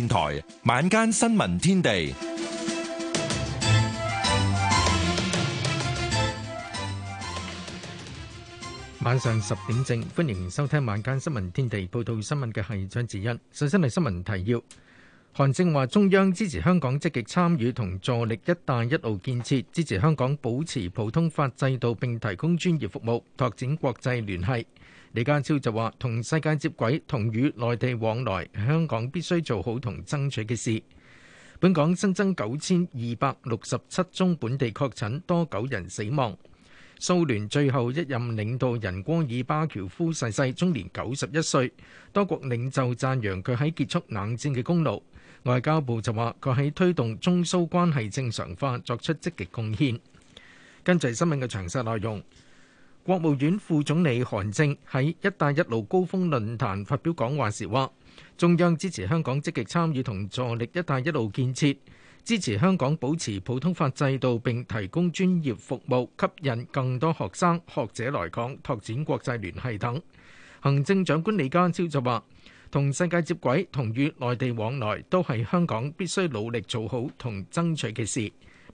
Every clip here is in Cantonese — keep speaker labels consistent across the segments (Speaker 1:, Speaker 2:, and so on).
Speaker 1: 電台晚間新聞天地，晚上十點正，歡迎收聽晚間新聞天地。報道新聞嘅係張智欣，首先係新聞提要。韓正話，中央支持香港積極參與同助力“一帶一路”建設，支持香港保持普通法制度，並提供專業服務，拓展國際聯繫。李家超就話：同世界接軌、同與內地往來，香港必須做好同爭取嘅事。本港新增九千二百六十七宗本地確診，多九人死亡。蘇聯最後一任領導人戈爾巴喬夫逝世，世，終年九十一歲。多國領袖讚揚佢喺結束冷戰嘅功勞。外交部就話佢喺推動中蘇關係正常化作出積極貢獻。跟住新聞嘅詳細內容。國務院副總理韓正喺一帶一路高峰論壇發表講話時話：中央支持香港積極參與同助力一帶一路建設，支持香港保持普通法制度並提供專業服務，吸引更多學生、學者來港拓展國際聯繫等。行政長官李家超就話：同世界接軌同與內地往來都係香港必須努力做好同爭取嘅事。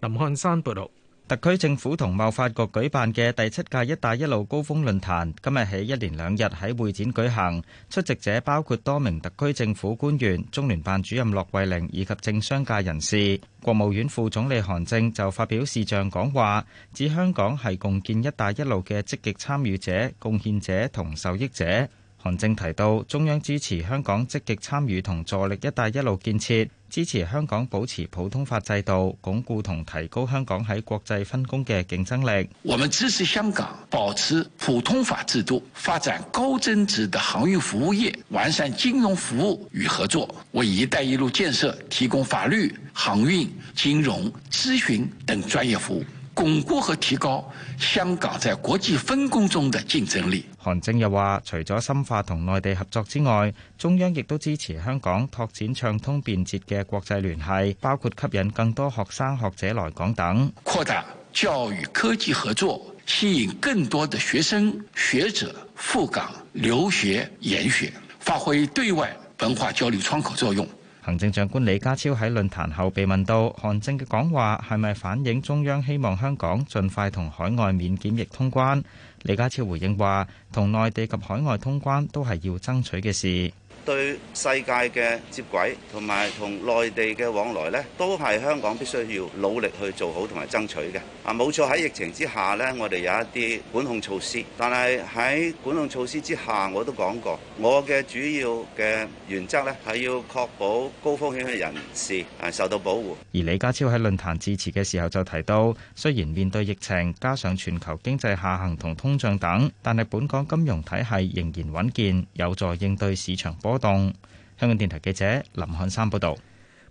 Speaker 1: 林漢山報導。特區政府同貿
Speaker 2: 發局舉辦嘅第七屆“一帶一路”高峰論壇今日起一連兩日喺會展舉行，出席者包括多名特區政府官員、中聯辦主任駱惠寧以及政商界人士。國務院副總理韓正就發表視像講話，指香港係共建“一帶一路”嘅積極參與者、貢獻者同受益者。韓正提到，中央支持香港積極參與同助力“一帶一路”建設。支持香港保持普通法制度，鞏固同提高香港喺國際分工嘅競爭力。
Speaker 3: 我們支持香港保持普通法制度，發展高增值的航運服務業，完善金融服務與合作，為一帶一路建設提供法律、航運、金融、諮詢等專業服務，鞏固和提高。香港在國際分工中的競爭力。
Speaker 2: 韓正又話，除咗深化同內地合作之外，中央亦都支持香港拓展暢通便捷嘅國際聯繫，包括吸引更多學生學者來港等。
Speaker 3: 擴大教育科技合作，吸引更多的學生、學者赴港留學研學，發揮對外文化交流窗口作用。
Speaker 2: 行政長官李家超喺論壇後被問到韓正嘅講話係咪反映中央希望香港盡快同海外免檢疫通關？李家超回應話：同內地及海外通關都係要爭取嘅事。
Speaker 4: 對世界嘅接軌同埋同內地嘅往來呢都係香港必須要努力去做好同埋爭取嘅。啊，冇錯喺疫情之下呢，我哋有一啲管控措施，但係喺管控措施之下，我都講過，我嘅主要嘅原則呢係要確保高風險嘅人士係受到保護。
Speaker 2: 而李家超喺論壇致辭嘅時候就提到，雖然面對疫情，加上全球經濟下行同通脹等，但係本港金融體係仍然穩健，
Speaker 1: 有助應對市場波。動。香港電台記者林漢山報道，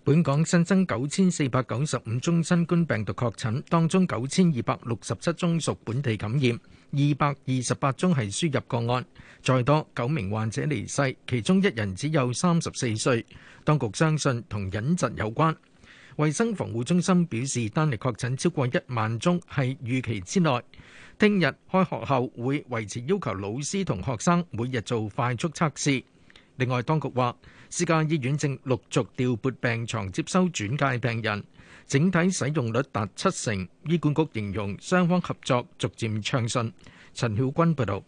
Speaker 1: 本港新增九千四百九十五宗新冠病毒確診，當中九千二百六十七宗屬本地感染，二百二十八宗係輸入個案。再多九名患者離世，其中一人只有三十四歲。當局相信同隱疾有關。衛生防護中心表示，單日確診超過一萬宗係預期之內。聽日開學後會維持要求老師同學生每日做快速測試。另外，當局話私家醫院正陸續調撥病床接收轉介病人，整體使用率達七成。醫管局形容雙方合作逐漸暢順。陳曉君報導。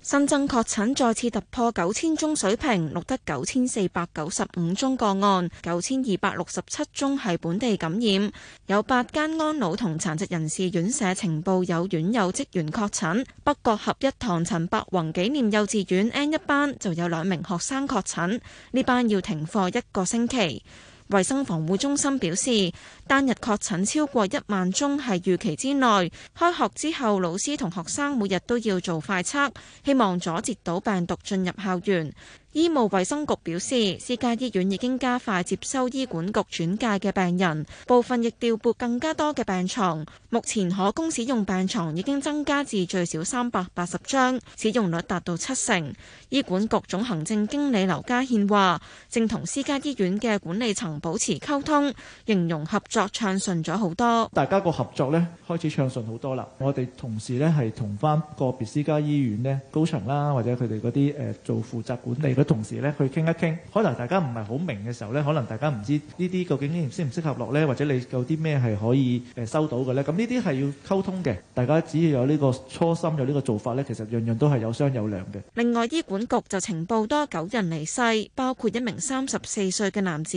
Speaker 5: 新增確診再次突破九千宗水平，錄得九千四百九十五宗個案，九千二百六十七宗係本地感染。有八間安老同殘疾人士院舍呈報有院友職員確診。北角合一堂陳伯宏紀念幼稚園 N 一班就有兩名學生確診，呢班要停課一個星期。衛生防護中心表示，單日確診超過一萬宗係預期之內。開學之後，老師同學生每日都要做快測，希望阻截到病毒進入校園。醫務衛生局表示，私家醫院已經加快接收醫管局轉介嘅病人，部分亦調撥更加多嘅病床。目前可供使用病床已經增加至最少三百八十張，使用率達到七成。醫管局總行政經理劉家獻話，正同私家醫院嘅管理層保持溝通，形容合作暢順咗好多。
Speaker 6: 大家個合作咧開始暢順好多啦。我哋同時咧係同翻個別私家醫院咧高層啦，或者佢哋嗰啲誒做負責管理。同時呢，去傾一傾。可能大家唔係好明嘅時候呢，可能大家唔知呢啲究竟適唔適合落呢，或者你有啲咩係可以誒收到嘅呢。咁呢啲係要溝通嘅。大家只要有呢個初心，有呢個做法呢，其實樣樣都係有商有量嘅。
Speaker 5: 另外，醫管局就情報多九人離世，包括一名三十四歲嘅男子，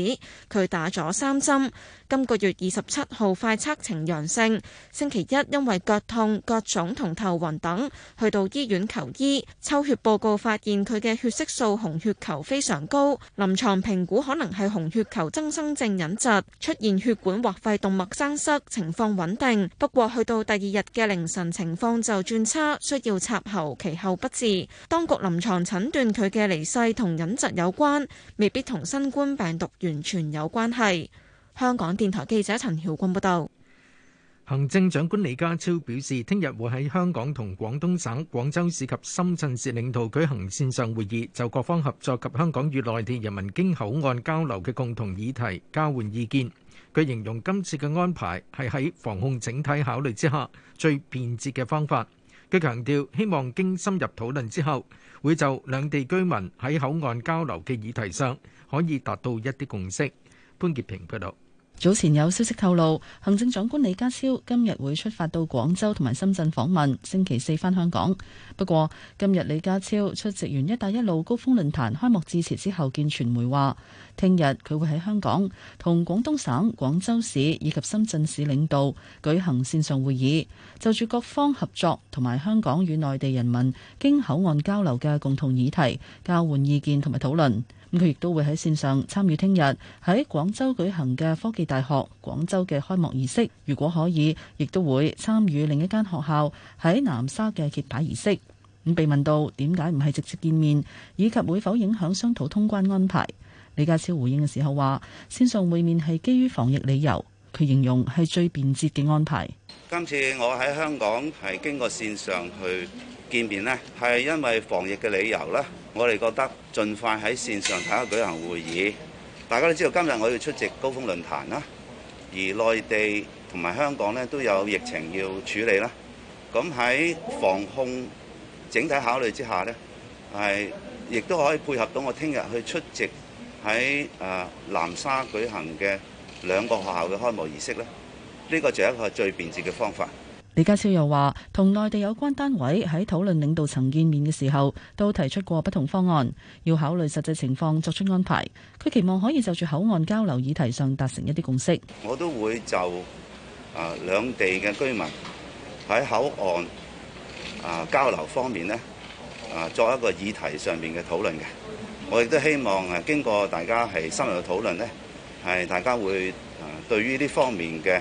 Speaker 5: 佢打咗三針。今個月二十七號快測呈陽性，星期一因為腳痛、腳腫同頭暈等，去到醫院求醫，抽血報告發現佢嘅血色素紅。紅血球非常高，臨床評估可能係紅血球增生症引致，出現血管或肺動脈栓塞，情況穩定。不過去到第二日嘅凌晨，情況就轉差，需要插喉，其後不治。當局臨床診斷佢嘅離世同隱疾有關，未必同新冠病毒完全有關係。香港電台記者陳曉君報道。
Speaker 1: 行政長官李家超表示，聽日會喺香港同廣東省廣州市及深圳市領導舉行線上會議，就各方合作及香港與內地人民經口岸交流嘅共同議題交換意見。佢形容今次嘅安排係喺防控整體考慮之下最便捷嘅方法。佢強調，希望經深入討論之後，會就兩地居民喺口岸交流嘅議題上可以達到一啲共識。潘潔平報道。
Speaker 7: 早前有消息透露，行政長官李家超今日會出發到廣州同埋深圳訪問，星期四返香港。不過，今日李家超出席完一帶一路高峰論壇開幕致辭，之後見傳媒話，聽日佢會喺香港同廣東省、廣州市以及深圳市領導舉行線上會議，就住各方合作同埋香港與內地人民經口岸交流嘅共同議題，交換意見同埋討論。咁佢亦都會喺線上參與聽日喺廣州舉行嘅科技大學廣州嘅開幕儀式，如果可以，亦都會參與另一間學校喺南沙嘅揭牌儀式。咁被問到點解唔係直接見面，以及會否影響商討通關安排，李家超回應嘅時候話：線上會面係基於防疫理由。佢形容係最便捷嘅安排。
Speaker 4: 今次我喺香港係經過線上去見面呢，係因為防疫嘅理由啦。我哋覺得盡快喺線上睇下舉行會議。大家都知道今日我要出席高峰論壇啦，而內地同埋香港呢都有疫情要處理啦。咁喺防控整體考慮之下呢，係亦都可以配合到我聽日去出席喺誒南沙舉行嘅兩個學校嘅開幕儀式呢，呢個就係一個最便捷嘅方法。
Speaker 7: 李家超又話，同內地有關單位喺討論領導層見面嘅時候，都提出過不同方案，要考慮實際情況作出安排。佢期望可以就住口岸交流議題上達成一啲共識。
Speaker 4: 我都會就啊兩地嘅居民喺口岸啊交流方面呢，啊作一個議題上面嘅討論嘅。我亦都希望誒經過大家係深入嘅討論呢。係，大家會誒對於呢方面嘅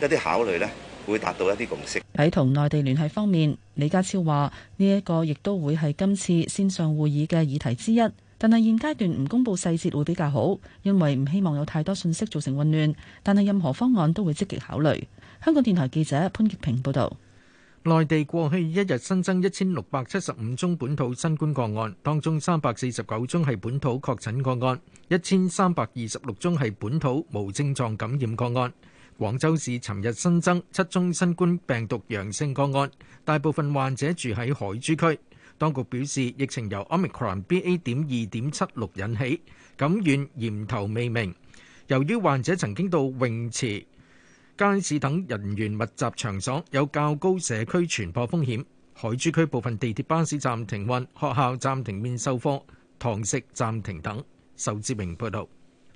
Speaker 4: 誒一啲考慮咧，會達到一啲共識。
Speaker 7: 喺同內地聯繫方面，李家超話：呢一個亦都會係今次線上會議嘅議題之一，但係現階段唔公布細節會比較好，因為唔希望有太多信息造成混亂。但係任何方案都會積極考慮。香港電台記者潘潔平報道。
Speaker 1: 內地過去一日新增一千六百七十五宗本土新冠個案，當中三百四十九宗係本土確診個案，一千三百二十六宗係本土無症狀感染個案。廣州市尋日新增七宗新冠病毒陽性個案，大部分患者住喺海珠區。當局表示疫情由 Omicron BA. 點二點七六引起，感染源頭未明。由於患者曾經到泳池。街市等人員密集場所有較高社區傳播風險，海珠區部分地鐵、巴士站停運，學校暫停面授課、堂食暫停等。仇志明報導。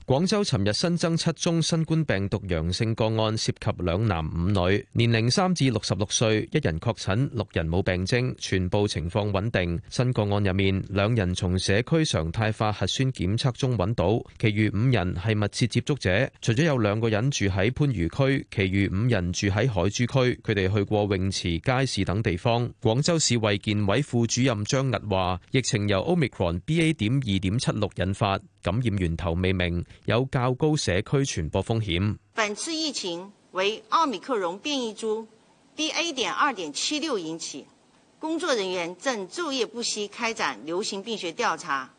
Speaker 1: 廣州尋日新增
Speaker 8: 七宗新冠病毒陽性個案，涉及兩男五女，年齡三至六十六歲，一人確診，六人冇病徵，全部情況穩定。新個案入面，兩人從社區常態化核酸檢測中揾到，其餘五人係密切接觸者。除咗有兩個人住喺番禺區，其餘五人住喺海珠區，佢哋去過泳池、街市等地方。廣州市衛健委副主任張屹話：疫情由 Omicron BA. 點二點七六引發。感染源頭未明，有較高社區傳播風險。
Speaker 5: 本次疫情為奧密克戎變異株 BA 點二點七六引起，工作人員正晝夜不息開展流行病學調查，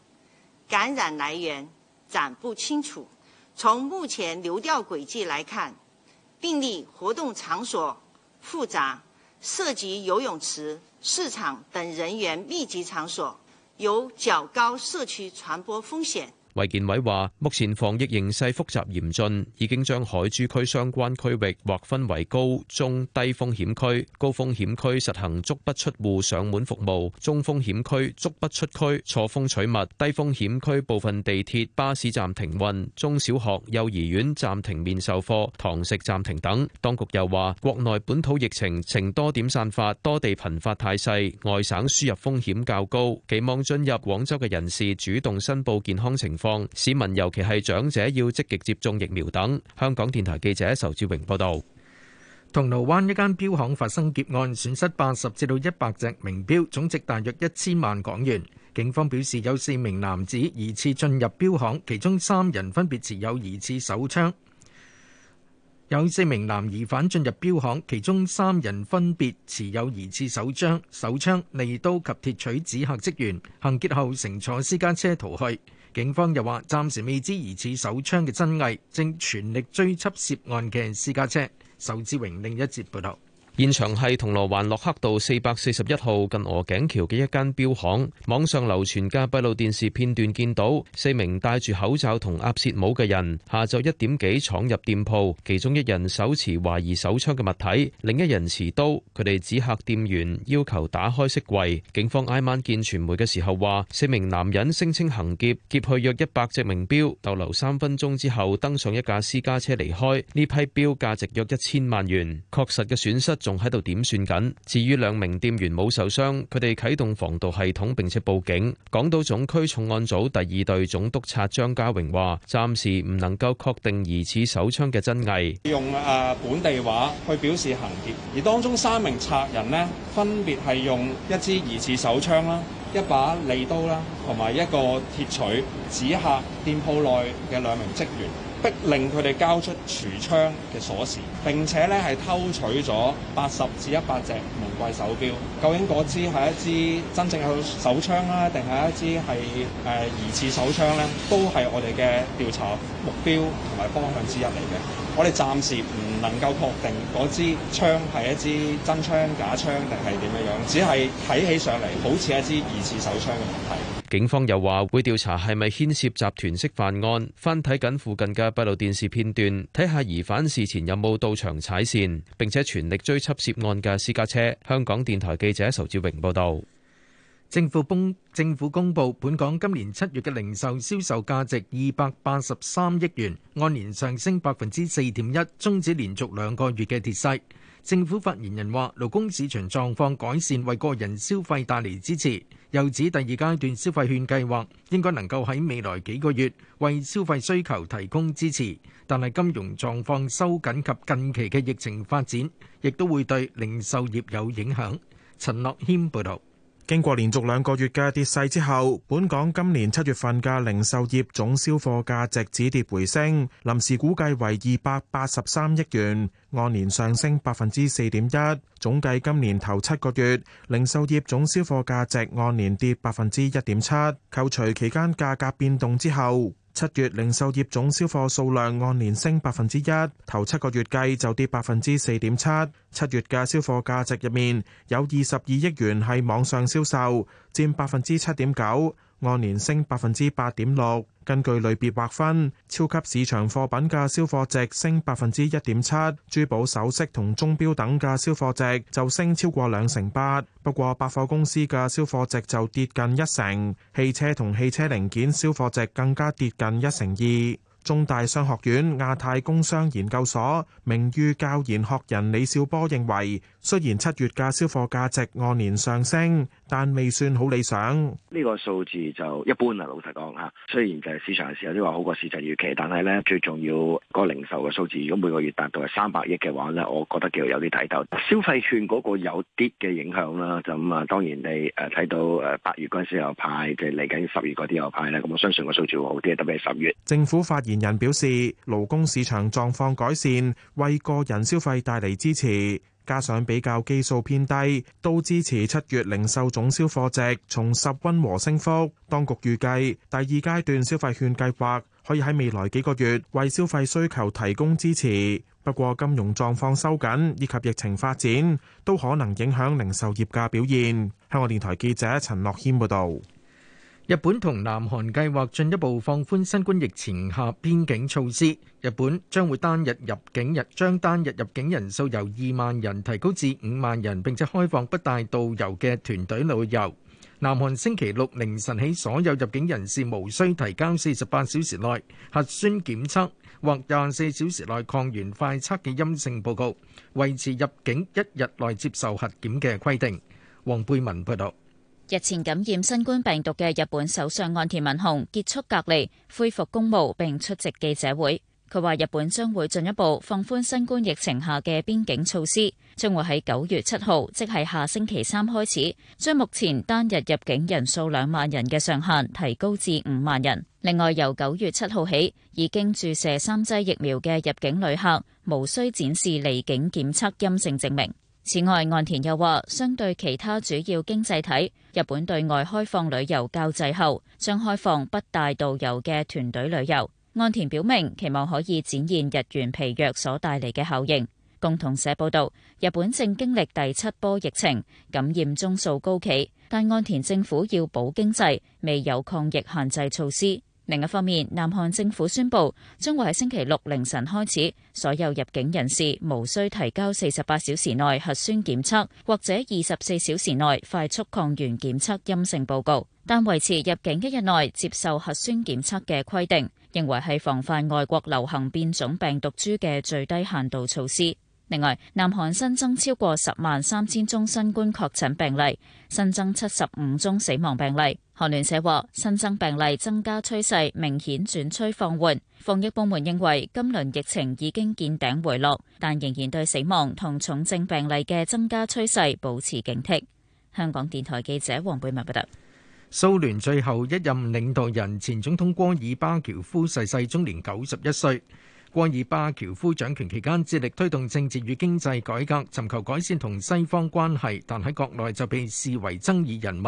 Speaker 5: 感染來源暫不清楚。從目前流調軌迹來看，病例活動場所複雜，涉及游泳池、市場等人員密集場所，有較高社區傳播風險。
Speaker 8: 衛健委話，目前防疫形勢複雜嚴峻，已經將海珠區相關區域劃分為高中低風險區。高風險區實行足不出戶上門服務，中風險區足不出區錯峰取物，低風險區部分地鐵、巴士站停運，中小學、幼兒園暫停面授課、堂食暫停等。當局又話，國內本土疫情呈多點散發、多地頻發態勢，外省輸入風險較高，期望進入廣州嘅人士主動申報健康情況。市民尤其係長者要積極接種疫苗
Speaker 1: 等。香港電台記者仇志榮報道，銅鑼灣一間標行發生劫案，損失八十至到一百隻名錶，總值大約一千萬港元。警方表示，有四名男子疑似進入標行，其中三人分別持有疑似手槍。有四名男疑犯進入標行，其中三人分別持有疑似手槍、手槍、利刀及鐵鎚，指嚇職員行劫後，乘坐私家車逃去。警方又話暫時未知疑似手槍嘅真偽，正全力追緝涉案嘅私家車。仇志榮另一節報道。現場係
Speaker 8: 銅鑼灣洛克道四百四十一號近鵝頸橋嘅一間錶行，網上流傳嘅閉路電視片段見到四名戴住口罩同鴨舌帽嘅人，下晝一點幾闖入店鋪，其中一人手持懷疑手槍嘅物體，另一人持刀。佢哋指嚇店員要求打開飾櫃。警方挨晚見傳媒嘅時候話：四名男人聲稱行劫，劫，劫去約一百隻名錶，逗留三分鐘之後登上一架私家車離開。呢批錶價值約一千萬元，確實嘅損失，仲喺度點算緊，至於兩名店員冇受傷，佢哋啟動防盜系統並且報警。港島總區重案組第二隊總督察張家榮話，暫時唔能夠確定疑似手槍嘅真偽。
Speaker 9: 用誒本地話去表示行劫，而當中三名賊人呢，分別係用一支疑似手槍啦、一把利刀啦，同埋一個鐵錘指嚇店鋪內嘅兩名職員。逼令佢哋交出櫥窗嘅鎖匙，並且咧係偷取咗八十至一百隻名貴手錶。究竟嗰支係一支真正嘅手槍咧？啊，定係一支係誒、呃、疑似手槍咧？都係我哋嘅調查目標同埋方向之一嚟嘅。我哋暫時唔能夠確定嗰支槍係一支真槍、假槍定係點樣樣，只係睇起上嚟好似一支疑似手槍嘅問題。
Speaker 8: 警方又話會調查係咪牽涉集團式犯案，翻睇緊附近嘅閉路電視片段，睇下疑犯事前有冇到場踩線，並且全力追緝涉案嘅私家車。香港電台記者仇志榮報道。
Speaker 1: 政府公政府公布，本港今年七月嘅零售銷售價值二百八十三億元，按年上升百分之四點一，終止連續兩個月嘅跌勢。政府發言人話：勞工市場狀況改善，為個人消費帶嚟支持。又指第二階段消費券計劃應該能夠喺未來幾個月為消費需求提供支持。但係金融狀況收緊及近期嘅疫情發展，亦都會對零售業有影響。陳樂軒報導。經過連續兩個月嘅跌勢之後，本
Speaker 10: 港今年七月份嘅零售業總銷貨價值止跌回升，臨時估計為二百八十三億元，按年上升百分之四點一。總計今年頭七個月，零售業總銷貨價值按年跌百分之一點七，扣除期間價格變動之後。七月零售業總銷貨數量按年升百分之一，頭七個月計就跌百分之四點七。七月嘅銷貨價值入面有二十二億元喺網上銷售佔，佔百分之七點九。按年升百分之八點六，根據類別劃分，超級市場貨品嘅銷貨值升百分之一點七，珠寶首飾同鐘表等嘅銷貨值就升超過兩成八，不過百貨公司嘅銷貨值就跌近一成，汽車同汽車零件銷貨值更加跌近一成二。中大商學院亞太工商研究所名譽教研學人李兆波認為。雖然七月價銷貨價值按年上升，但未算好理想。
Speaker 4: 呢個數字
Speaker 1: 就一般啦。老實講吓，
Speaker 11: 雖然就市場嘅時候都話好過市場預期，但係咧最重要，個零售嘅數字，如果每個月達到係三百億嘅話咧，我覺得叫有啲睇頭。消費券嗰個
Speaker 9: 有啲嘅影響啦，咁啊，當然你睇到八月嗰陣時有派，其實嚟緊
Speaker 11: 十月嗰啲又派咧，咁我相信個數字會好啲，特別係十月。
Speaker 10: 政府發言人表示，勞工市場狀況改善，為個人消費帶嚟支持。加上比較基數偏低，都支持七月零售總銷貨值重拾溫和升幅。當局預計第二階段消費券計劃可以喺未來幾個月為消費需求提供支持。不過金融狀況收緊以及疫情發展都可
Speaker 1: 能影響零售業價表現，香港電台記者陳樂謙報道。日本同南韓計劃進一步放寬新冠疫情下邊境措施。日本將會單日入境日，將單日入境人數由二萬人提高至五萬人，並且開放不帶導遊嘅團隊旅遊。南韓星期六凌晨起，所有入境人士無需提交四十八小時內核酸檢測或廿四小時內抗原快測嘅陰性報告，維持入境一日內接受核檢嘅規定。黃貝文報導。
Speaker 12: 日前感染新冠病毒嘅日本首相岸田文雄結束隔離，恢復公務並出席記者會。佢話日本將會進一步放寬新冠疫情下嘅邊境措施，將會喺九月七號，即係下星期三開始，將目前單日入境人數兩萬人嘅上限提高至五萬人。另外，由九月七號起，已經注射三劑疫苗嘅入境旅客，無需展示離境檢測陰性證明。此外，岸田又話，相對其他主要經濟體，日本對外開放旅遊較滯後，將開放不帶導遊嘅團隊旅遊，岸田表明期望可以展現日元疲弱所帶嚟嘅效應，共同社報道日本正經歷第七波疫情，感染宗數高企，但岸田政府要保經濟，未有抗疫限制措施。另一方面，南韓政府宣布，將會喺星期六凌晨開始，所有入境人士無需提交四十八小時內核酸檢測，或者二十四小時內快速抗原檢測陰性報告，但維持入境一日內接受核酸檢測嘅規定，認為係防範外國流行變種病毒株嘅最低限度措施。另外，南韓新增超過十萬三千宗新冠確診病例，新增七十五宗死亡病例。韓聯社話，新增病例增加趨勢明顯轉趨放緩。防疫部門認為，今輪疫情已經見頂回落，但仍然對死亡同重症病例嘅增加趨勢保持警惕。香港電台記者黃貝文報道。
Speaker 1: 蘇聯最後一任領導人前總統戈爾巴喬夫逝世，世，終年九十一歲。戈爾巴喬夫掌權期間，致力推動政治與經濟改革，尋求改善同西方關係，但喺國內就被視為爭議人物。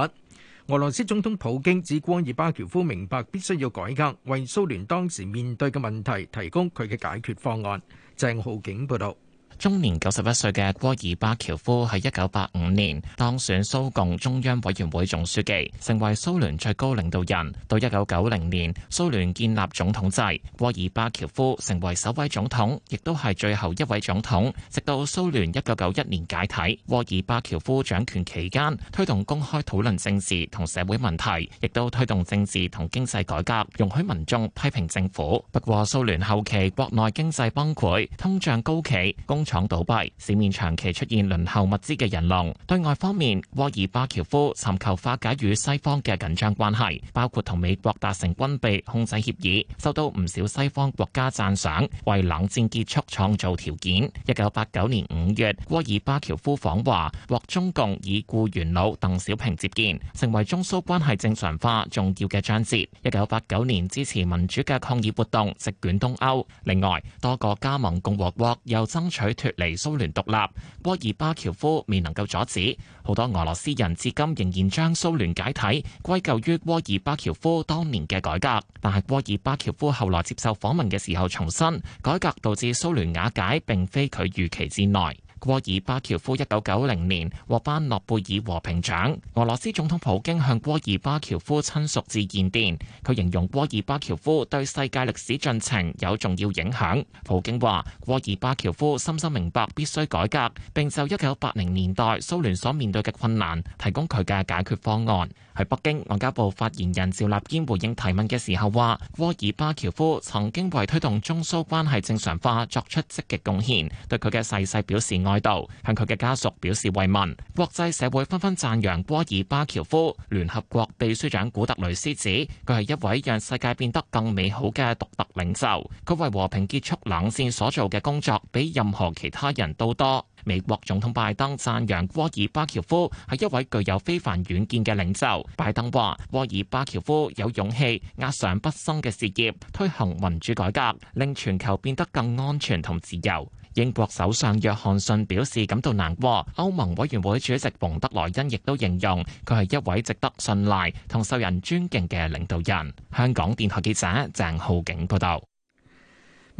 Speaker 1: 俄羅斯總統普京指，戈爾巴喬夫明白必須要改革，為蘇聯當時面對嘅問題提供佢嘅解決方案。鄭浩景報道。
Speaker 3: 中年九十一歲嘅戈爾巴喬夫喺一九八五年當選蘇共中央委員會總書記，成為蘇聯最高領導人。到一九九零年，蘇聯建立總統制，戈爾巴喬夫成為首位總統，亦都係最後一位總統。直到蘇聯一九九一年解體，戈爾巴喬夫掌權期間，推動公開討論政治同社會問題，亦都推動政治同經濟改革，容許民眾批評政府。不過蘇聯後期國內經濟崩潰，通脹高企，公廠倒閉，市面長期出現輪候物資嘅人龍。對外方面，戈爾巴喬夫尋求化解與西方嘅緊張關係，包括同美國達成軍備控制協議，受到唔少西方國家讚賞，為冷戰結束創造條件。一九八九年五月，戈爾巴喬夫訪華，獲中共已故元老鄧小平接見，成為中蘇關係正常化重要嘅章節。一九八九年支持民主嘅抗議活動席捲東歐，另外多個加盟共和國又爭取。脫離蘇聯獨立，戈爾巴喬夫未能夠阻止，好多俄羅斯人至今仍然將蘇聯解體歸咎於戈爾巴喬夫當年嘅改革。但係戈爾巴喬夫後來接受訪問嘅時候，重申改革導致蘇聯瓦解，并非佢預期之內。戈爾巴喬夫一九九零年獲頒諾貝爾和平獎，俄羅斯總統普京向戈爾巴喬夫親屬致唁電，佢形容戈爾巴喬夫對世界歷史進程有重要影響。普京話：戈爾巴喬夫深深明白必須改革，並就一九八零年代蘇聯所面對嘅困難提供佢嘅解決方案。在北京外交部發言人趙立堅回應提問嘅時候話，戈爾巴喬夫曾經為推動中蘇關係正常化作出積極貢獻，對佢嘅逝世表示哀悼，向佢嘅家屬表示慰問。國際社會紛紛讚揚戈爾巴喬夫。聯合國秘書長古特雷斯指，佢係一位讓世界變得更美好嘅獨特領袖，佢為和平結束冷戰所做嘅工作，比任何其他人都多。美國總統拜登讚揚戈爾巴喬夫係一位具有非凡遠見嘅領袖。拜登話：戈爾巴喬夫有勇氣押上畢生嘅事業，推行民主改革，令全球變得更安全同自由。英國首相約翰遜表示感到難過。歐盟委員會主席馮德萊恩亦都形容佢係一位值得信賴同受人尊敬嘅領導人。香港電台記者鄭浩景報道。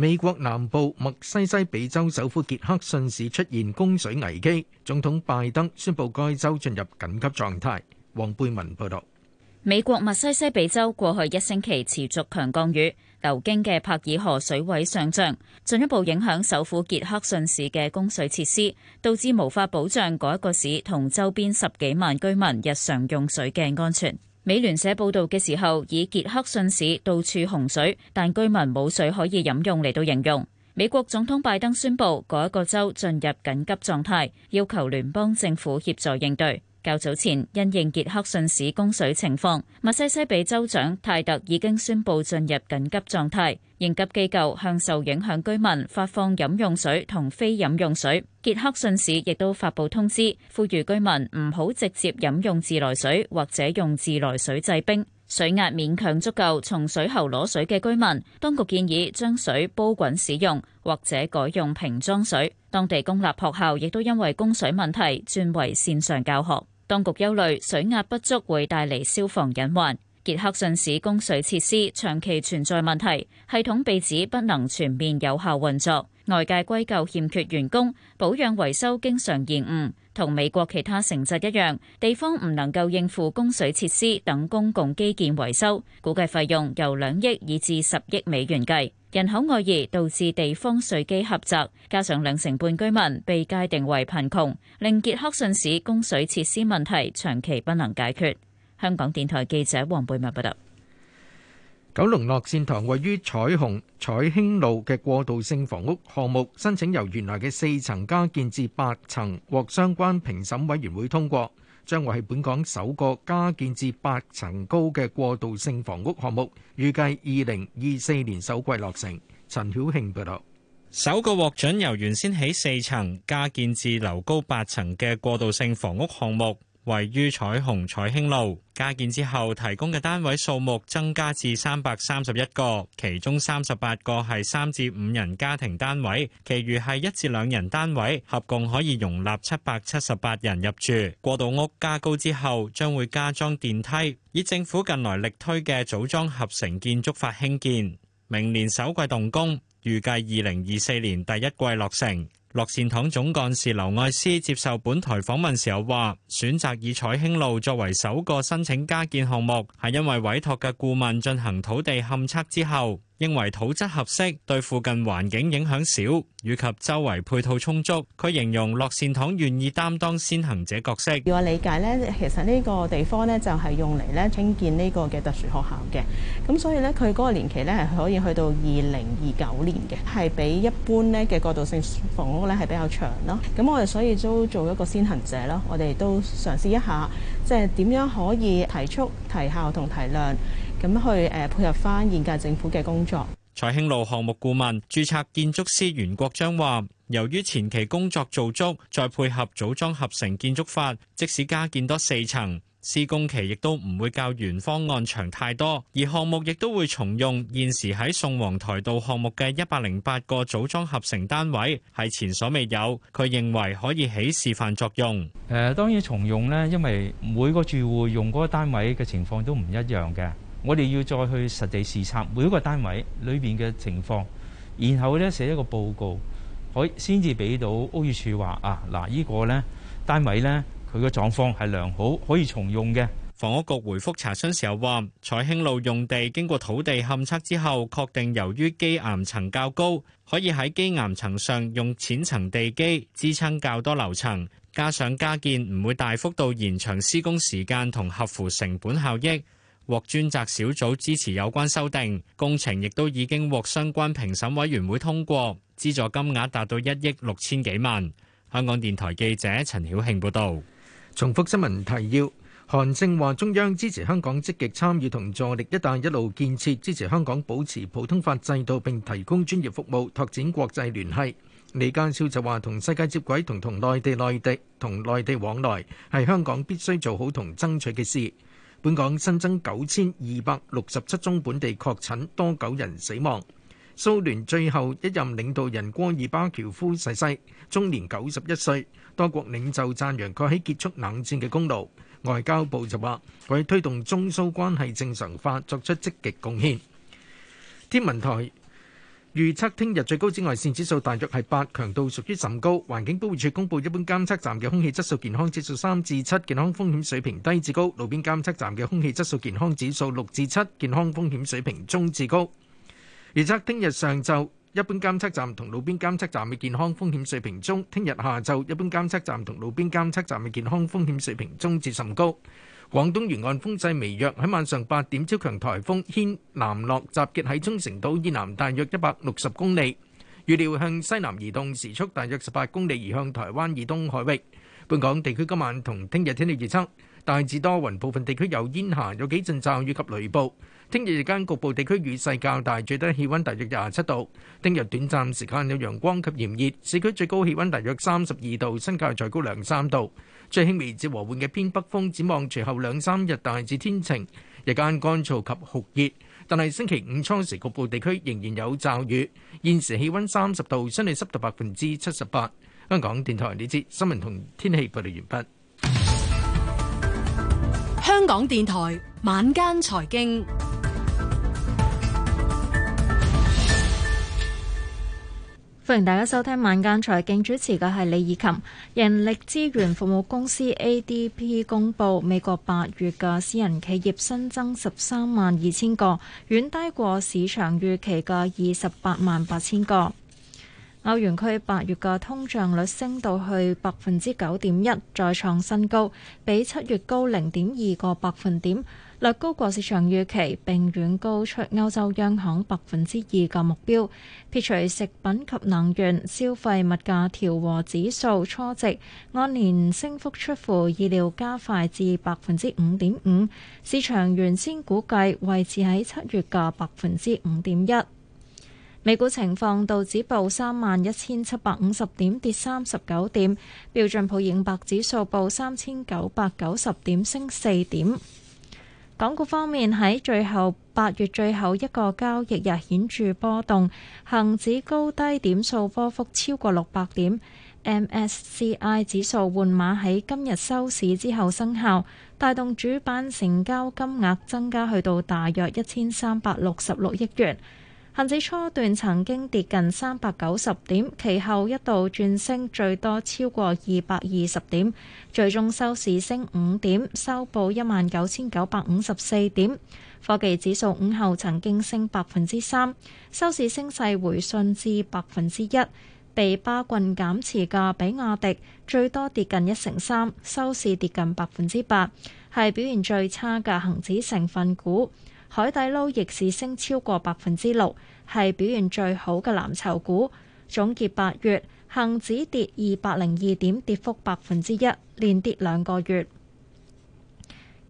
Speaker 3: 美國南
Speaker 1: 部密西西比州首府傑克遜市出現供水危機，總統拜登宣布該州進入緊急狀態。黃貝文報道：
Speaker 12: 美國密西西比州過去一星期持續強降雨，流經嘅帕爾河水位上漲，進一步影響首府傑克遜市嘅供水設施，導致無法保障嗰一個市同周邊十幾萬居民日常用水嘅安全。美聯社報道嘅時候，以傑克遜市到處洪水，但居民冇水可以飲用嚟到形容。美國總統拜登宣布嗰一個州進入緊急狀態，要求聯邦政府協助應對。較早前，因應傑克遜市供水情況，密西西比州長泰特已經宣布進入緊急狀態，應急機構向受影響居民發放飲用水同非飲用水。傑克遜市亦都發布通知，呼籲居民唔好直接飲用自來水或者用自來水製冰。水壓勉強足夠從水喉攞水嘅居民，當局建議將水煲滾使用或者改用瓶裝水。當地公立學校亦都因為供水問題轉為綫上教學。當局憂慮水壓不足會帶嚟消防隱患。傑克遜市供水設施長期存在問題，系統被指不能全面有效運作。外界歸咎欠缺員工，保養維修經常延誤。同美國其他城鎮一樣，地方唔能夠應付供水設施等公共基建維修，估計費用由兩億以至十億美元計。人口外移導致地方稅基狹窄，加上兩成半居民被界定為貧窮，令傑克遜市供水設施問題長期不能解決。香港電台記者黃貝文報道。
Speaker 1: 九龍樂善堂位於彩虹彩興路嘅過渡性房屋項目申請由原來嘅四層加建至八層，獲相關評審委員會通過。將會係本港首個加建至八層高嘅過渡性房屋項目，預計二零二四年首季落成。陳曉慶報導，首
Speaker 9: 個獲准由原先起四層加建至樓高八層嘅過渡性房屋項目。位於彩虹彩興路，加建之後提供嘅單位數目增加至三百三十一個，其中三十八個係三至五人家庭單位，其餘係一至兩人單位，合共可以容納七百七十八人入住。過渡屋加高之後，將會加裝電梯，以政府近來力推嘅組裝合成建築法興建，明年首季動工，預計二零二四年第一季落成。樂善堂總幹事劉愛思接受本台訪問時候話，選擇以彩興路作為首個申請加建項目，係因為委託嘅顧問進行土地勘測之後。認為土質合適，對附近環境影響少，以及周圍配套充足。佢形容樂善堂願意擔當先行者角色。
Speaker 5: 要我理解咧，其實呢個地方咧就係用嚟咧興建呢個嘅特殊學校嘅。咁所以咧，佢嗰個年期咧係可以去到二零二九年嘅，係比一般咧嘅過渡性房屋咧係比較長咯。咁我哋所以都做一個先行者咯，我哋都嘗試一下，即係點樣可以提速、提效同提量。咁去誒配合翻現屆政府嘅工作。
Speaker 9: 彩興路項目顧問、註冊建築師袁國章話，由於前期工作做足，再配合組裝合成建築法，即使加建多四層，施工期亦都唔會較原方案長太多。而項目亦都會重用現時喺宋皇台道項目嘅一百零八個組裝合成單位，係前所未有。佢認為可以起示範作用。誒當然重用呢，因為每個住戶用嗰個單位嘅情況都唔一樣嘅。我哋要再去實地視察每一個單位裏邊嘅情況，然後咧寫一個報告，可先至俾到屋宇署話，啊嗱，依個咧單位咧佢嘅狀況係良好，可以重用嘅。房屋局回覆查詢時候話：彩興路用地經過土地勘測之後，確定由於基岩層較高，可以喺基岩層上用淺層地基支撐較多樓層，加上加建唔會大幅度延長施工時間同合乎成本效益。獲專責小組支持有關修訂工程，亦都已經獲相關評審委員會通過，
Speaker 1: 資助金額達到一億六千幾萬。香港電台記者陳曉慶報道。重複新聞提要：韓正話中央支持香港積極參與同助力一帶一路建設，支持香港保持普通法制度，並提供專業服務，拓展國際聯繫。李家超就話同世界接軌同同內地內地同內地往來係香港必須做好同爭取嘅事。本港新增九千二百六十七宗本地確診，多九人死亡。蘇聯最後一任領導人戈爾巴喬夫逝世，終年九十一歲。多國領袖讚揚佢喺結束冷戰嘅功勞，外交部就話為推動中蘇關係正常化作出積極貢獻。天文台。預測聽日最高紫外線指數大約係八，強度屬於甚高。環境保護署公布，一般監測站嘅空氣質素健康指數三至七，健康風險水平低至高；路邊監測站嘅空氣質素健康指數六至七，健康風險水平中至高。預測聽日上晝一般監測站同路邊監測站嘅健康風險水平中，聽日下晝一般監測站同路邊監測站嘅健康風險水平中至甚高。廣東沿岸風勢微弱，喺晚上八點，超強颱風軒嵐諾，集結喺中城島以南，大約一百六十公里，預料向西南移動，時速大約十八公里，移向台灣以東海域。本港地區今晚同聽日天氣預測，大致多雲，部分地區有煙霞，有幾陣驟雨及雷暴。聽日間局部地區雨勢較大，最低氣温大約廿七度。聽日短暫時間有陽光及炎熱，市區最高氣温大約三十二度，新界再高兩三度。最輕微至和緩嘅偏北風，展望隨後兩三日大致天晴，日間乾燥及酷熱，但係星期五初時局部地區仍然有驟雨。現時氣温三十度，相對濕度百分之七十八。香港電台呢節新聞同天氣報道完畢。
Speaker 7: 香港電台晚間財經。
Speaker 13: 歡迎大家收聽晚間財經，主持嘅係李以琴。人力資源服務公司 ADP 公佈美國八月嘅私人企業新增十三萬二千個，遠低過市場預期嘅二十八萬八千個。歐元區八月嘅通脹率升到去百分之九點一，再創新高，比七月高零點二個百分點。略高過市場預期，並遠高出歐洲央行百分之二嘅目標。撇除食品及能源消費物價調和指數初值按年升幅出乎意料加快至百分之五點五，市場原先估計維持喺七月嘅百分之五點一。美股情況，道指報三萬一千七百五十點，跌三十九點；標準普爾五百指數報三千九百九十點，升四點。港股方面，喺最後八月最後一個交易日顯著波動，恒指高低點數波幅超過六百點，MSCI 指數換馬喺今日收市之後生效，帶動主板成交金額增加去到大約一千三百六十六億元。恒指初段曾經跌近三百九十點，其後一度轉升，最多超過二百二十點，最終收市升五點，收報一萬九千九百五十四點。科技指數午後曾經升百分之三，收市升勢回順至百分之一。被巴郡減持嘅比亞迪最多跌近一成三，收市跌近百分之八，係表現最差嘅恒指成分股。海底撈逆市升超過百分之六，係表現最好嘅藍籌股。總結八月，恒指跌二百零二點，跌幅百分之一，連跌兩個月。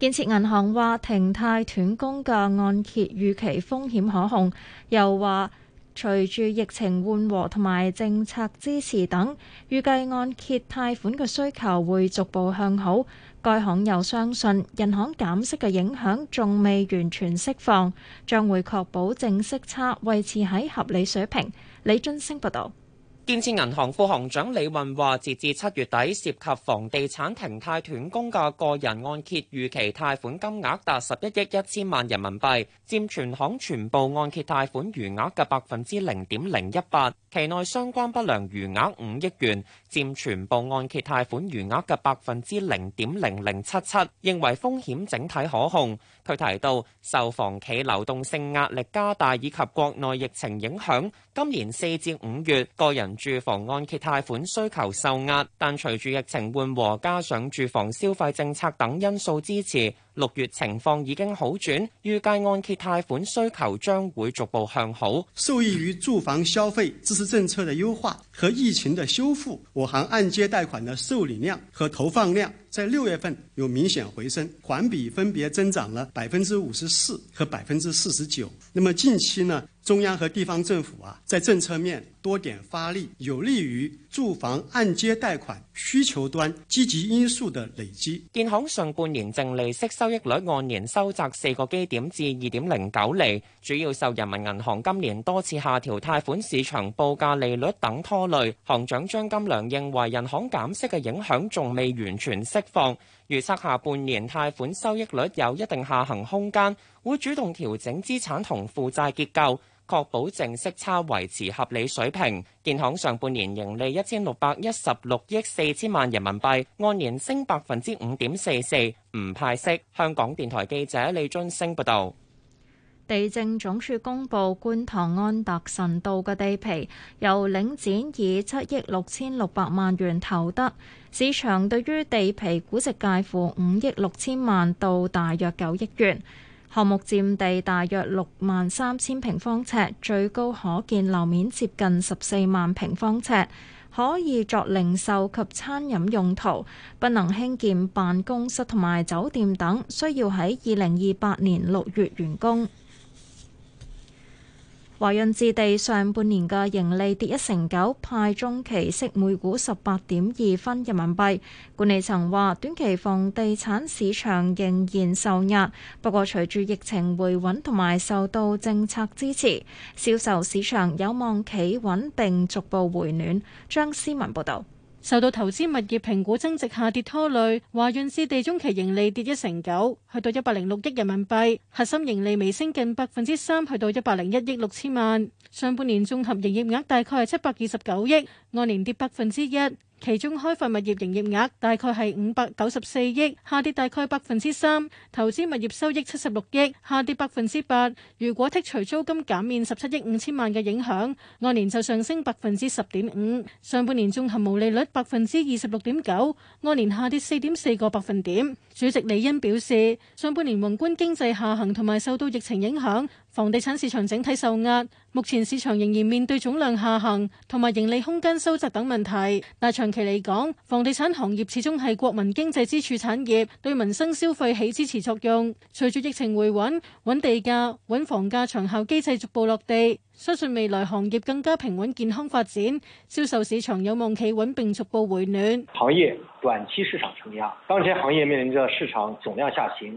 Speaker 13: 建設銀行話，停貸斷供嘅按揭預期風險可控，又話隨住疫情緩和同埋政策支持等，預計按揭貸款嘅需求會逐步向好。該行又相信，銀行減息嘅影響仲未完全釋放，將會確保淨息差維持喺合理水平。李津升報道。
Speaker 11: 建設銀行副行長李雲話：截至七月底，涉及房地產停貸斷供嘅個人按揭逾期貸款金額達十一億一千萬人民幣，佔全行全部按揭貸款餘額嘅百分之零點零一八，期內相關不良餘額五億元，佔全部按揭貸款餘額嘅百分之零點零零七七，認為風險整體可控。佢提到，受房企流動性壓力加大以及國內疫情影響，今年四至五月個人住房按揭貸款需求受壓，但隨住疫情緩和加上住房消費政策等因素支持。六月情況已經好轉，預計按揭貸款需求將會逐步向好。受益於住房消費支持政策的
Speaker 9: 優化和疫情的修復，我行按揭貸款的受理量和投放量在六月份有明顯回升，環比分別增長了百分之五十四和百分之四十九。那麼近期呢？中央和地方政府啊，在政策面多點發
Speaker 11: 力，有利於住房按揭貸款需求端積極因素的累積。建行上半年淨利息收益率按年收窄四個基點至二點零九厘，主要受人民銀行今年多次下調貸款市場報價利率等拖累。行長張金良認為，銀行減息嘅影響仲未完全釋放，預測下半年貸款收益率有一定下行空間，會主動調整資產同負債結構。確保淨息差維持合理水平。建行上半年盈利一千六百一十六億四千萬人民幣，按年升百分之五點四四，唔派息。香港電台記者李津升報道。
Speaker 13: 地政總署公布觀塘安達臣道嘅地皮由領展以七億六千六百萬元投得，市場對於地皮估值介乎五億六千萬到大約九億元。項目佔地大約六萬三千平方尺，最高可見樓面接近十四萬平方尺，可以作零售及餐飲用途，不能興建辦公室同埋酒店等，需要喺二零二八年六月完工。華潤置地上半年嘅盈利跌一成九，派中期息每股十八點二分人民幣。管理層話，短期房地產市場仍然受壓，不過隨住疫情回穩同埋受到政策支持，銷售市場有望企穩並逐步
Speaker 14: 回暖。張思文報道。受到投資物業評估增值下跌拖累，華潤置地中期盈利跌一成九，去到一百零六億人民幣，核心盈利微升近百分之三，去到一百零一億六千萬。上半年綜合營業額大概係七百二十九億，按年跌百分之一。其中開發物業營業額大概係五百九十四億，下跌大概百分之三；投資物業收益七十六億，下跌百分之八。如果剔除租金減免十七億五千萬嘅影響，按年就上升百分之十點五。上半年綜合毛利率百分之二十六點九，按年下跌四點四個百分點。主席李欣表示，上半年宏觀經濟下行同埋受到疫情影響。房地產市場整體受壓，目前市場仍然面對總量下行同埋盈利空間收窄等問題。但長期嚟講，房地產行業始終係國民經濟支柱產業，對民生消費起支持作用。隨住疫情回穩，穩地價、穩房價長效機制逐步落地，相信未來行業更加平穩健康發展，銷售市場有望企穩並逐步回暖。
Speaker 9: 行業短期市場承壓，當前行業面臨着市場總量下行。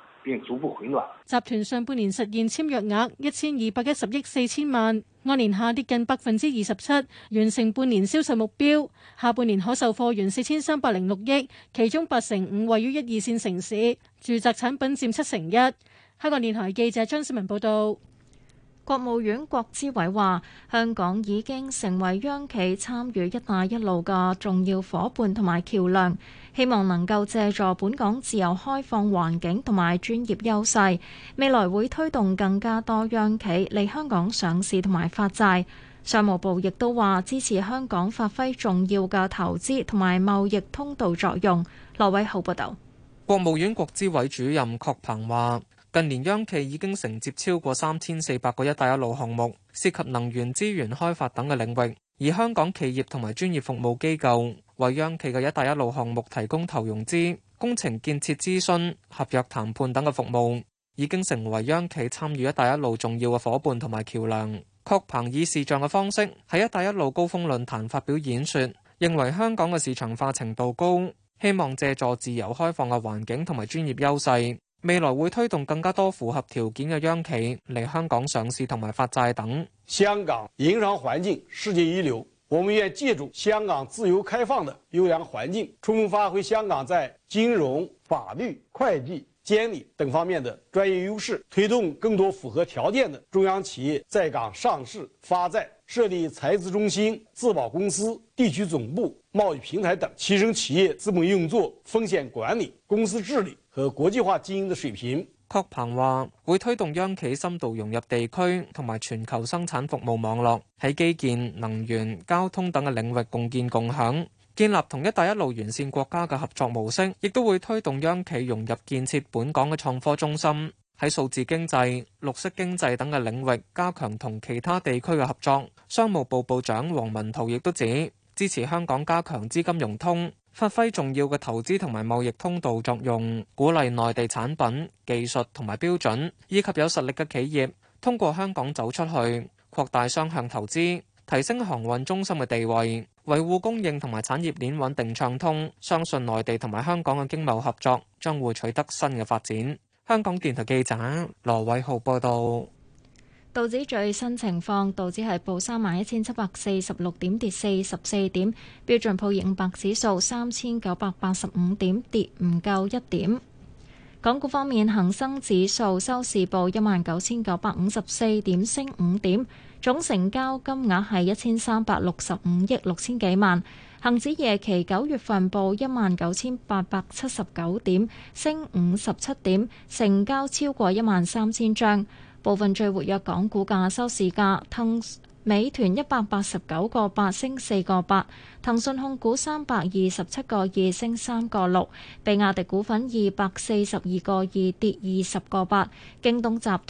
Speaker 14: 集團上半年實現簽約額一千二百一十億四千萬，按年下跌近百分之二十七，完成半年銷售目標。下半年可售貨源四千三百零六億，其中八成五位於一二線城市，住宅產品佔七成一。香港電台記者張思文報道。國務院
Speaker 13: 國資委話：香港已經成為央企參與「一帶一路」嘅重要伙伴同埋橋梁，希望能夠借助本港自由開放環境同埋專業優勢，未來會推動更加多央企嚟香港上市同埋發債。商務部亦都話支持香港發揮重要嘅投資同埋貿易通道作用。羅偉豪報導。
Speaker 6: 國務院國資委主任郝鵬話。近年，央企已經承接超過三千四百個“一帶一路”項目，涉及能源資源開發等嘅領域。而香港企業同埋專業服務機構為央企嘅“一帶一路”項目提供投融資、工程建設諮詢、合約談判等嘅服務，已經成為央企參與“一帶一路”重要嘅伙伴同埋橋樑。曲鵬以視像嘅方式喺“一帶一路”高峰論壇發表演說，認為香港嘅市場化程度高，希望借助自由開放嘅環境同埋專業優勢。未來會推動更加多符合條件嘅央企嚟香港上市同埋發債
Speaker 9: 等。香港營商環境世界一流，我們願借助香港自由開放的優良環境，充分發揮香港在金融、法律、會計、監理等方面的專業優勢，推動更多符合條件的中央企業在港上市、發債、設立財資中心、自保公司、地區總部、貿易平台等，提升企業資本運作、風險管理、公司治理。和國際化
Speaker 6: 經營的水平。郭鵬話：會推動央企深度融入地區同埋全球生產服務網絡，喺基建、能源、交通等嘅領域共建共享，建立“同一帶一路”沿線國家嘅合作模式，亦都會推動央企融入建設本港嘅創科中心，喺數字經濟、綠色經濟等嘅領域加強同其他地區嘅合作。商務部部長王文濤亦都指，支持香港加強資金融通。發揮重要嘅投資同埋貿易通道作用，鼓勵內地產品、技術同埋標準，以及有實力嘅企業通過香港走出去，擴大雙向投資，提升航運中心嘅地位，維護供應同埋產業鏈穩定暢通。相信內地同埋香港嘅經貿合作將會取得新嘅發展。香港電台記者羅偉浩報道。
Speaker 13: 道指最新情況，道指係報三萬一千七百四十六點，跌四十四點；標準普爾五百指數三千九百八十五點，跌唔夠一點。港股方面，恒生指數收市報一萬九千九百五十四點，升五點；總成交金額係一千三百六十五億六千幾萬。恒指夜期九月份報一萬九千八百七十九點，升五十七點，成交超過一萬三千張。部分最活躍港股價收市價，騰美團一百八十九個八升四個八，騰訊控股三百二十七個二升三個六，比亞迪股份二百四十二個二跌二十個八，京東集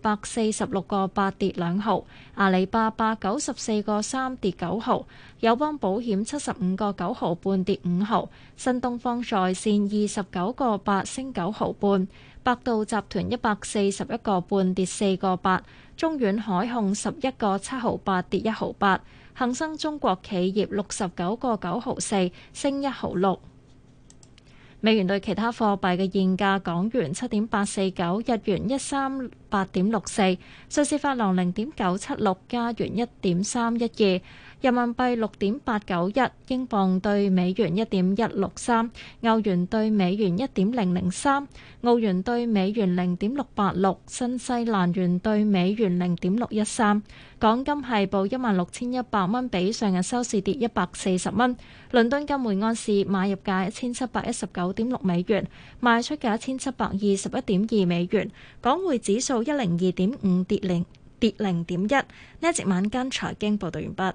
Speaker 13: 團二百四十六個八跌兩毫，阿里巴巴九十四個三跌九毫，友邦保險七十五個九毫半跌五毫，新東方在線二十九個八升九毫半。百度集團一百四十一個半跌四個八，中遠海控十一個七毫八跌一毫八，恒生中國企業六十九個九毫四升一毫六。美元兌其他貨幣嘅現價：港元七點八四九，日元一三八點六四，瑞士法郎零點九七六，加元一點三一二。人民幣六點八九一，英鎊對美元一點一六三，歐元對美元一點零零三，澳元對美元零點六八六，新西蘭元對美元零點六一三。港金係報一萬六千一百蚊，比上日收市跌一百四十蚊。倫敦金每安士買入價一千七百一十九點六美元，賣出價一千七百二十一點二美元。港匯指數一零二點五，跌零跌零點一。呢一節晚間財經報道完畢。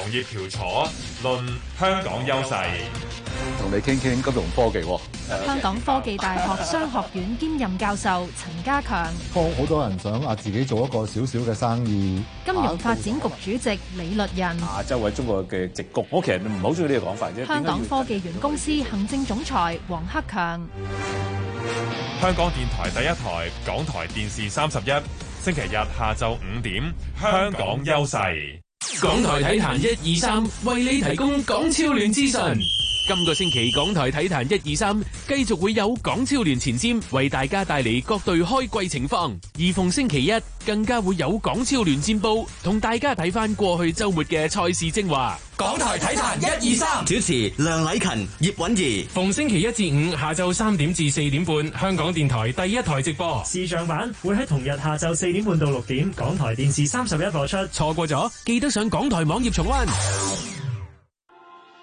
Speaker 9: 行業翹楚論香港優勢，同你傾傾金融科技。
Speaker 13: 香港科技大學商學院兼任教授陳家強，
Speaker 9: 好多人想啊自己做一個小小嘅生意。
Speaker 13: 金融發展局主席李律仁，啊
Speaker 9: 周圍中國嘅直局，我其實唔好中意呢個講法啫。香港科
Speaker 13: 技園公司行政總裁黃克強，
Speaker 9: 香港電台第一台港台電視三十一，星期日下晝五點，香港優勢。
Speaker 8: 港台體壇一二三，為你提供港超聯資訊。今個星期港台體壇一二三繼續會有港超聯前瞻，為大家帶嚟各隊開季情況，而逢星期一更加會有港超聯戰報，同大家睇返過去周末嘅賽事精華。
Speaker 3: 港台體壇一二三，
Speaker 11: 主持梁禮勤、葉韻儀，逢星期一至五下晝三點至四點半，香港
Speaker 9: 電台第一台直播視像版，會喺同日下晝四點半到六點，港台電視三十一播出。錯過咗，記得上港台網頁重溫。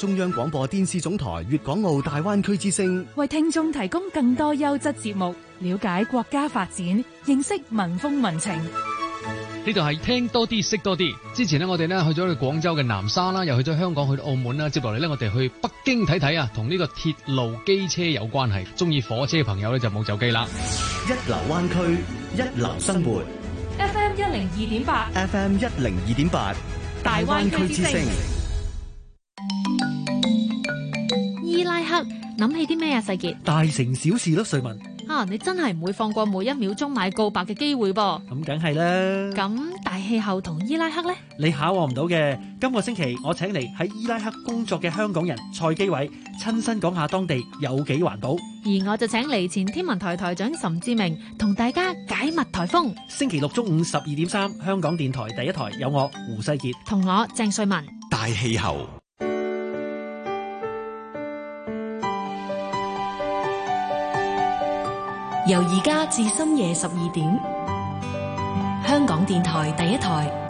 Speaker 9: 中央廣播電視總台粵港澳大灣區之聲，
Speaker 13: 為聽眾提供更多優質節目，了解國家發展，認識民風民情。
Speaker 9: 呢度係
Speaker 8: 聽多啲，識多啲。之前咧，我哋咧去咗去廣州嘅南沙啦，又去咗香港、去到澳門啦。接落嚟咧，我哋去北京睇睇啊，同呢個鐵路機車有關係。中意火車嘅朋友咧，就冇
Speaker 9: 走機啦。一流灣區，一流生活。
Speaker 14: FM 一零二點八
Speaker 11: ，FM 一零二點八，大灣區之聲。
Speaker 14: 伊拉克諗起啲咩啊？世傑
Speaker 11: 大城小事咯，瑞文
Speaker 14: 啊，你真係唔會放過每一秒鐘買告白嘅機會噃、啊。咁梗係啦。咁、嗯、大氣候同伊拉克呢？
Speaker 11: 你考我唔到嘅。今個星期我請嚟喺伊拉克工作嘅香港人蔡基偉，親身講下當地有幾環保。
Speaker 14: 而我就請嚟前天文
Speaker 11: 台台長岑志明，同大家解密台風。星期六中午十二點三，3, 香港電台第一台有我胡世傑同我鄭瑞文
Speaker 9: 大氣候。
Speaker 14: 由而家至深夜十二點，香港電台第一台。